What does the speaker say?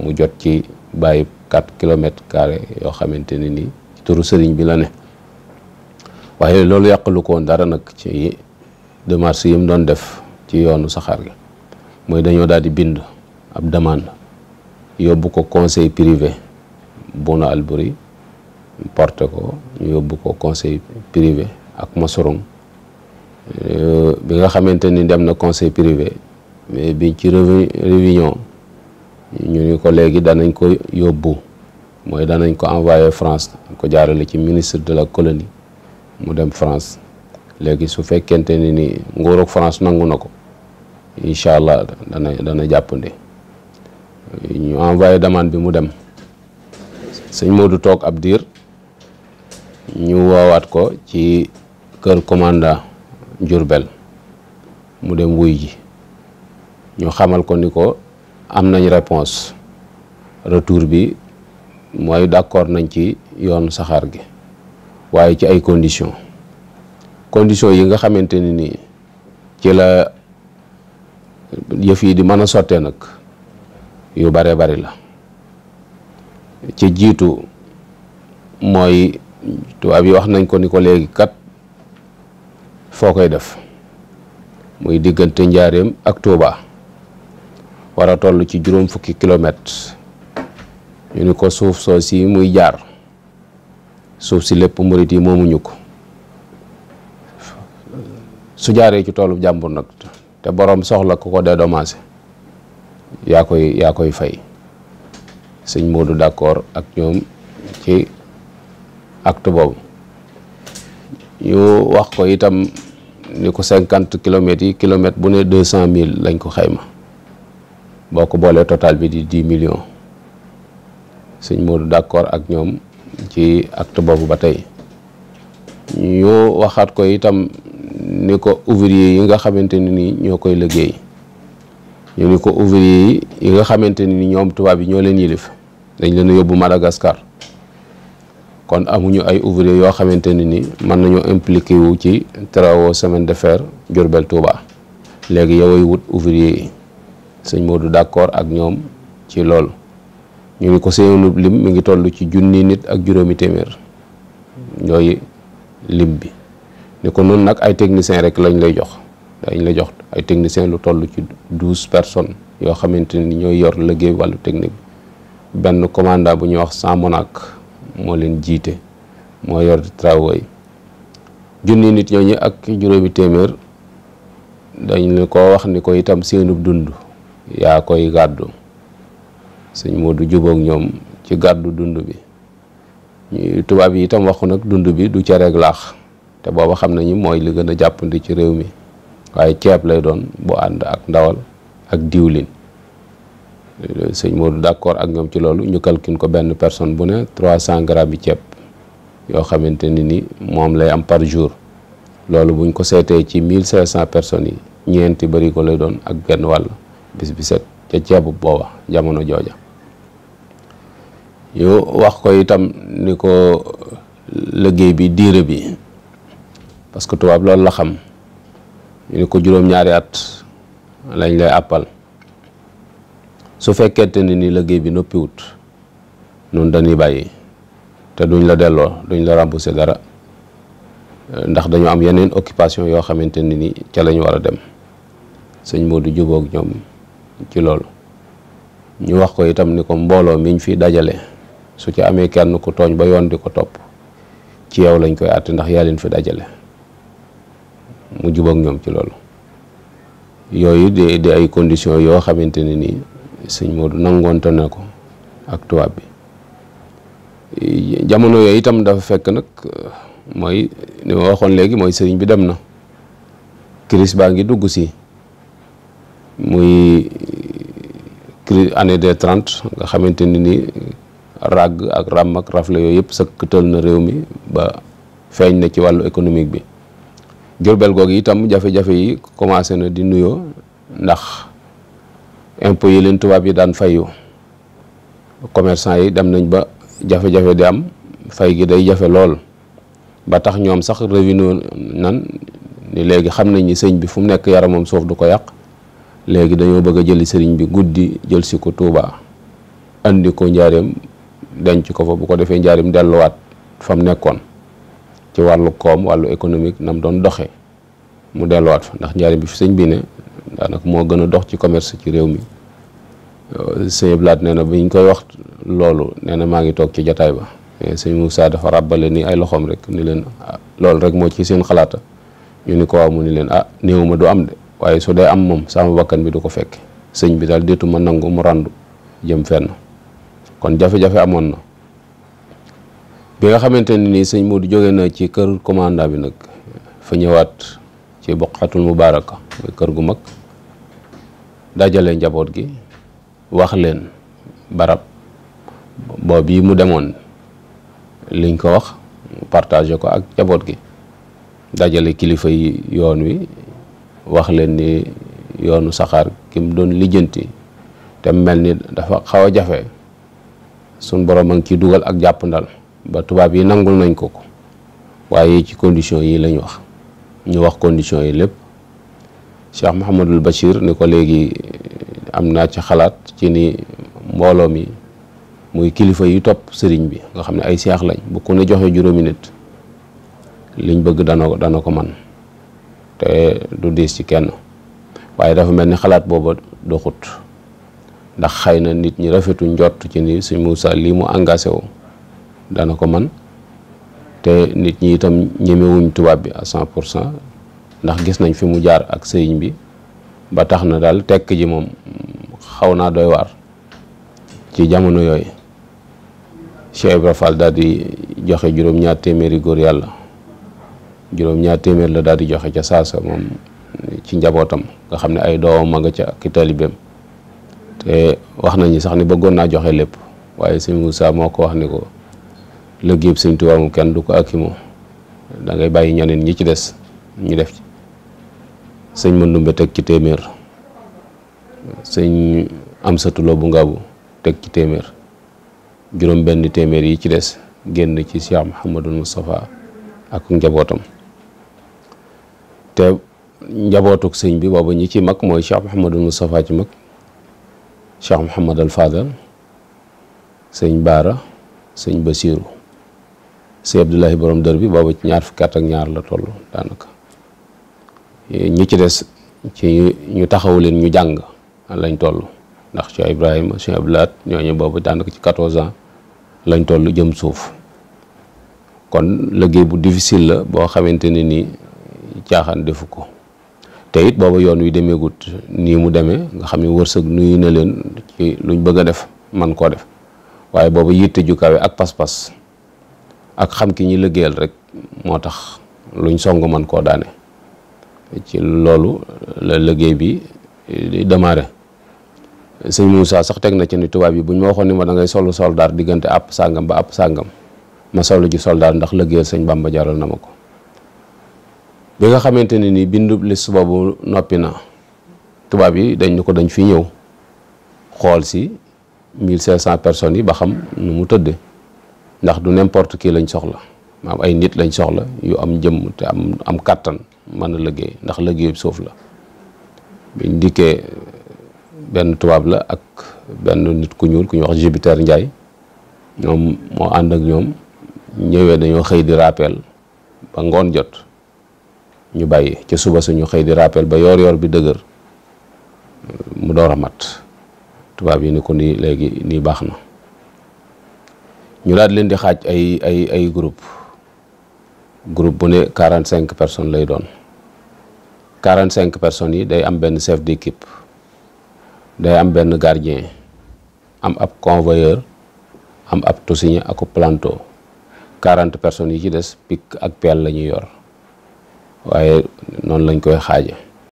mu jot ci bàyyi quatre kilomètres carré yoo xamante ne nii ci turu sëriñ bi la ne waaye loolu yàqalu ko dara nag ci démarche yi mu doon def ci yoonu saxaar gi mooy dañoo daal di bind ab demande yóbbu ko conseil privé Bouna Albouri porté ko ñu yóbbu ko conseil privé ak Masourong euh, bi nga xamante ni dem na conseil privé mais bi ci réunion ñu ni ko léegi danañ ko yóbbu mooy danañ ko envoyé France ko jaarale ci ministre de la colonie mu dem France léegi su fekkente ni ni nguurug France nangu na ko incha allah dana dana jàppande ñu envoyé demande bi mu dem sëñ du toog ab diir ñu woowaat ko ci kër commandant Diourbel mu dem wuy ji ñu xamal ko ni ko am nañ réponse retour bi mooy d'accord nañ ci yoonu saxaar gi waaye ci ay condition condition yi nga xamante ni nii ci la yëf yi di mën a sottee nag yu bare bari la ci jiitu mooy tubaab yi wax nañ ko ni ko léegi kat foo koy def muy diggante njaareem ak Touba war tollu ci juróom fukki kilomètre ñu ni ko suuf soo si muy jaar suuf si lépp murit yi moomuñu ko su jaaree ci toolu jàmbur nag te boroom soxla ku ko dédommagé yaa koy yaa koy fay sëñ Modou d'accord ak ñoom ci acte boobu ñu wax ko itam ni ko cinquante kilomètres yi kilomètre bu ne deux cent mille lañ ko xayma boo ko boolee total bi di 10 millions sëñ Modou d'accord ak ñoom ci acte boobu ba tey ñu waxaat ko itam ni ko ouvrier yi nga xamante ne ni ñoo koy liggéey ñu ni ko ouvrier yi nga xamante ne ni ñoom tubaab yi ñoo leen yilif dañ leen yóbbu Madagascar kon amuñu ay ouvrier yoo xamante ne ni mën nañoo impliqué wu ci travaux semaine de fer Diourbel Touba léegi yowoy wut ouvrier yi sëñ Modou d'accord ak ñoom ci loolu ñu ni ko seenub lim mi ngi tollu ci junni nit ak juróomi téeméer ñooy lim bi ni ko noonu nag ay technicien rek lañ lay jox dañ la jox ay technicien lu toll ci douze personnes yoo xamante ni ñooy yor liggéey wàllu technique benn commandant bu ñuy wax Samonac moo leen jiite moo yor travaux yi junni nit ñooñu ak juróomi téeméer dañ ko wax ni ko itam seenub dund yaa koy gàddu sëñ Moodu jubóog ñoom ci gàddu dund bi ñuy tubaab yi itam waxu nag dund bi du cere ak laax te booba xam nañu mooy li gën a jàppandi ci réew mi waaye ceeb lay doon bu ànd ak ndawal ak diwlin sëñ Moodu d'accord ak ñoom ci loolu ñu calcule ko benn personne bu ne trois cent grammes ceeb yoo xamante ni moom lay am par jour loolu buñ ko seetee ci mille cinq cent personnes yi ñeenti bari ko lay doon ak benn wàll bis bi set ca ceebu booba jamono jooja yu wax ko itam ni ko liggéey bi diire bi parce que tubaab loolu la xam ni ko juróom-ñaari at lañ lay àppal su fekkente ni ni lëggéey bi noppiwut noonu dañuy bàyyi te duñ la delloo duñ la remboursé dara ndax dañu am yeneen occupation yoo xamante ni ni ca lañu war a dem sëñ Modou jubóog ñoom ci loolu ñu wax ko itam ni ko mbooloo miñ fi dajale su ci amee kenn ku tooñ ba yoon di ko topp ci yow lañ koy àtte ndax yaa leen fi dajale mu jubak ñoom ci loolu yooyu di di ay conditions yoo xamante ne nii sëñ Modou nangoonte na ko ak tubaab bi jamono yooyu itam dafa fekk nag mooy li ma waxoon léegi mooy sëriñ bi dem na crise baa ngi dugg si muy crise année des trente nga xamante ni ni ràgg ak ràmm ak rafle yooyu yëpp sëkkatal na réew mi ba feeñ na ci wàllu économique bi Jurbel googu itam jafe-jafe yi commencé na di nuyoo ndax impôts yi leen tubaab yi daan fayu commerçant yi dem nañ ba jafe-jafe di am fay gi day jafe lool ba tax ñoom sax revenu nan ni léegi xam nañ ni sëñ bi fu mu nekk yaramam soof du ko yàq léegi dañoo bëgg a jëli sëriñ bi guddi jël si ko Touba andi ko njaareem denc ko fa bu ko defee njaareem delluwaat fa nekkoon ci wàllu koom wàllu économique nam doon doxee mu delluwaat fa ndax njaareem bi fi sëñ bi ne daanaka moo gën a dox ci commerce ci réew mi euh, sëñ Blaat nee na biñ koy wax loolu nee na maa ngi toog ci jataay ba sëñ Moussa dafa ràbbale ni ay loxoom rek ni leen ah, loolu rek moo ci seen xalaata ñu ni ko waaw mu ni leen ah néew ma du de waaye su dee am moom sama bakkan bi du ko fekk sëñ bi daal déetuma nangu mu ràndu jëm fenn kon jafe-jafe amoon na bi nga xamante ne nii sëñ du jóge na ci kër commandant bi nag fa ñëwaat ci boqatul mubaaraka muy kër gu mag dajale njaboot gi wax leen barab boobu yi mu demoon liñ ko wax partagé ko ak njaboot gi dajale kilifa yi yoon wi wax leen ni yoonu saxaar kim doon lijjanti te mel ni dafa xaw a jafe suñ borom a ngi ciy dugal ak jàppandal ba tubaab yi nangu nañ ko ko waaye ci condition yi lañ wax ñu wax condition yi lépp Cheikh Mouhamadul Bachir ni ko léegi eh, am naa ci xalaat ci ni mbooloo mi muy kilifa yu topp sëriñ bi nga xam ne ay seex lañ bu ko ne joxe juróomi nit liñ bëgg dana dana ko man te du diis ci kenn waaye dafa mel ni xalaat booba doxut ndax xëy na nit ñi rafetu njott ci ni sëñ Moussa lii mu engagé wu dana ko man te nit ñi itam ñemewuñ tubaab bi à cent pour cent ndax gis nañ fi mu jaar ak sëriñ bi ba tax na daal tekk ji moom xaw naa doy waar ci jamono yooyu Cheikh Ibra daal di joxe juróom-ñaar téeméeri góor yàlla juróom-ñaar téeméer la daal di joxe ca saasa moom ci njabootam nga xam ne ay doomam a nga ca ak taalibeem te wax nañu sax ni bëggoon naa joxe lépp waaye sëñ Moussa moo ko wax ni ko liggéeyub sëñ Tuubaa mu kenn du ko akimoo da ngay bàyyi ñeneen ñi ci des ñu def ci sëñ teg ci téeméer sëñ Amsatu Lo bu Ngaabu teg ci téeméer juróom benn téeméer yi ci des génn ci Cheikh Mouhamadul Moustapha ak njabootam te njabootuk sëñ bi booba ñi ci mag mooy Cheikh Mouhamadul Moustapha ci mag Cheikh Mouhamadul Fadal sëñ Baara sëñ Basiiru sëñ Abdullahi borom dër bi booba ci ñaar fukki ak ñaar la toll daanaka ñi ci des ci ñu taxaw leen ñu jàng lañ toll ndax Cheikh Ibrahima Cheikh Abdoulaat ñooñu boobu daanaka ci 14 ans lañ toll jëm suuf kon liggéey bu difficile la boo xamante ne nii. caaxaan defu ko te it booba yoon wi demeegut nii mu demee nga xam ne wërsëg nuyu ne leen ci luñ bëgg a def man koo def waaye booba yitte ju kawe ak pas-pas ak xam ki ñi liggéeyal rek moo tax luñ song man koo daane ci loolu la liggéey bi di démarré sëñ Moussa sax teg na ci ni tubaab yi buñ ma waxoon ni ma da ngay solu soldaar diggante àpp sàngam ba àpp sàngam ma solu ji soldaar ndax liggéeyal sëñ Bàmba jaral na ma ko bi nga xamante ne nii bindu liste boobu noppi na tubaab yi dañ ñu ko dañ fi ñëw xool si cent personnes yi ba xam nu mu tëdd ndax du n'importe kii lañ soxla am ay nit lañ soxla yu am jëmm te am kàttan mën a liggéey ndax liggéeyu suuf la biñ dikkee benn tubaab la ak benn nit ku ñuul ku ñuy wax Jupiter Ndiaye ñoom moo ànd ak ñoom ñëwee dañoo xëy di rappel ba ngoon jot ñu bàyyi ca suba suñu xëy di rappel ba yoor-yoor bi dëgër mu door a mat tubaab yi ni ko nii léegi nii baax na ñu daal leen di xaaj ay ay ay groupe groupe bu ne quarante cinq personnes lay doon quarante cinq personnes yi day am benn chef d'équipe day am benn gardien am ab convoyeur am ab tousigne ak planto quarante personnes yi ci des pic ak pelle la ñuy yor waaye noonu lañ koy xaaje